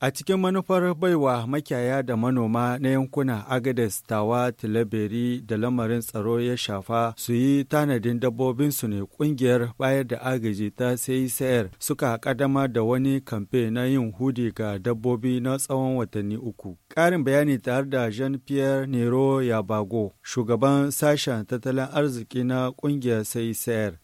A cikin manufar baiwa makiyaya da manoma na yankuna Agades, Tawa, Tilaberi da lamarin tsaro ya shafa su yi tanadin dabbobinsu ne kungiyar bayar da agaji ta sayar suka kadama da wani kamfe na yin hudi ga dabbobi na tsawon watanni uku. Karin bayani tare da Jean-Pierre Nero Yabago, shugaban sashen tattalin arziki na kungiyar sayar.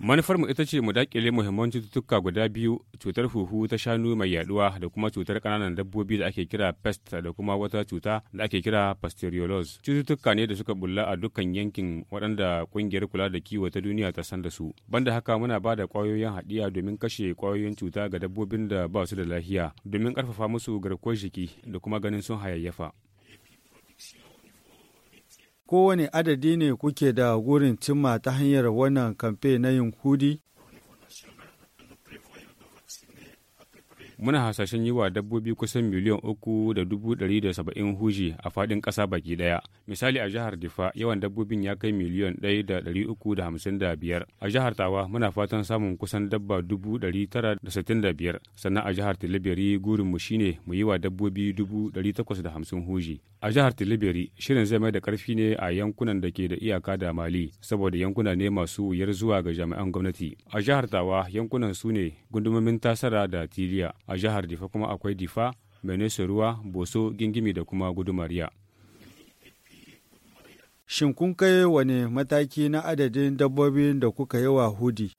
manufarmu ita ce mu dakile muhimman cututtuka guda biyu cutar huhu ta shanu mai yaduwa da kuma cutar kananan dabbobi da ake kira pest da kuma wata cuta da ake kira pasteuriolos cututtuka ne da suka bulla a dukkan yankin waɗanda ƙungiyar kula da kiwo ta duniya ta san da su banda haka muna ba da kwayoyin haɗiya domin kashe kwayoyin cuta ga dabbobin da ba su da lafiya domin ƙarfafa musu garkuwar jiki da kuma ganin sun hayayyafa Kowane adadi ne kuke da gurin cimma ta hanyar wannan kamfe na yin kudi Muna hasashen yi wa dabbobi kusan miliyan uku da dubu ɗari da saba'in huji a faɗin ƙasa baki ɗaya Misali a jihar Difa yawan dabbobin ya kai miliyon ɗaya da ɗari uku da hamsin da biyar. A jihar Tawa muna fatan samun kusan dabba dubu ɗari tara da sittin da biyar. Sannan a jihar Tilibiri gurin mu shine mu yi wa dabbobi dubu ɗari takwas da hamsin huji. A jihar Tilibiri shirin zai mai da ƙarfi ne a yankunan da ke da iyaka da Mali saboda yankuna ne masu wuyar zuwa ga jami'an gwamnati. A jihar Tawa yankunan su ne gundumomin tasara da Tiliya. A jihar Difa kuma akwai Difa, ruwa Boso, Gingimi da kuma Gudumariya. Shin kun kai wane mataki na adadin dabbobin da kuka yi wa hudi?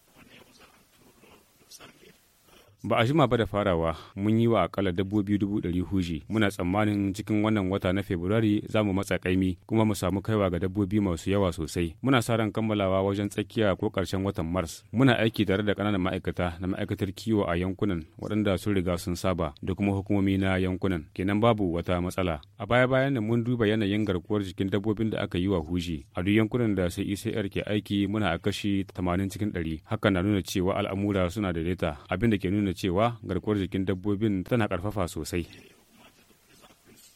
Ba a jima ba da farawa mun yi wa akalla dabbobi dubu ɗari huji muna tsammanin cikin wannan wata na februari za mu matsa kaimi kuma mu samu kaiwa ga dabbobi masu yawa sosai. Muna sa ran kammalawa wajen tsakiya ko ƙarshen watan Mars. Muna aiki tare da ƙananan ma'aikata na ma'aikatar kiwo a yankunan waɗanda sun riga sun saba da kuma hukumomi na yankunan. Kenan babu wata matsala. A baya-bayan nan mun duba yanayin garkuwar jikin dabbobin da aka yi wa huji. A duk yankunan da sai ICR e ke aiki muna a kashi 80 cikin 100. Hakan na nuna cewa al'amura suna daidaita abin da ke nuna cewa garkuwar jikin dabbobin tana ƙarfafa sosai.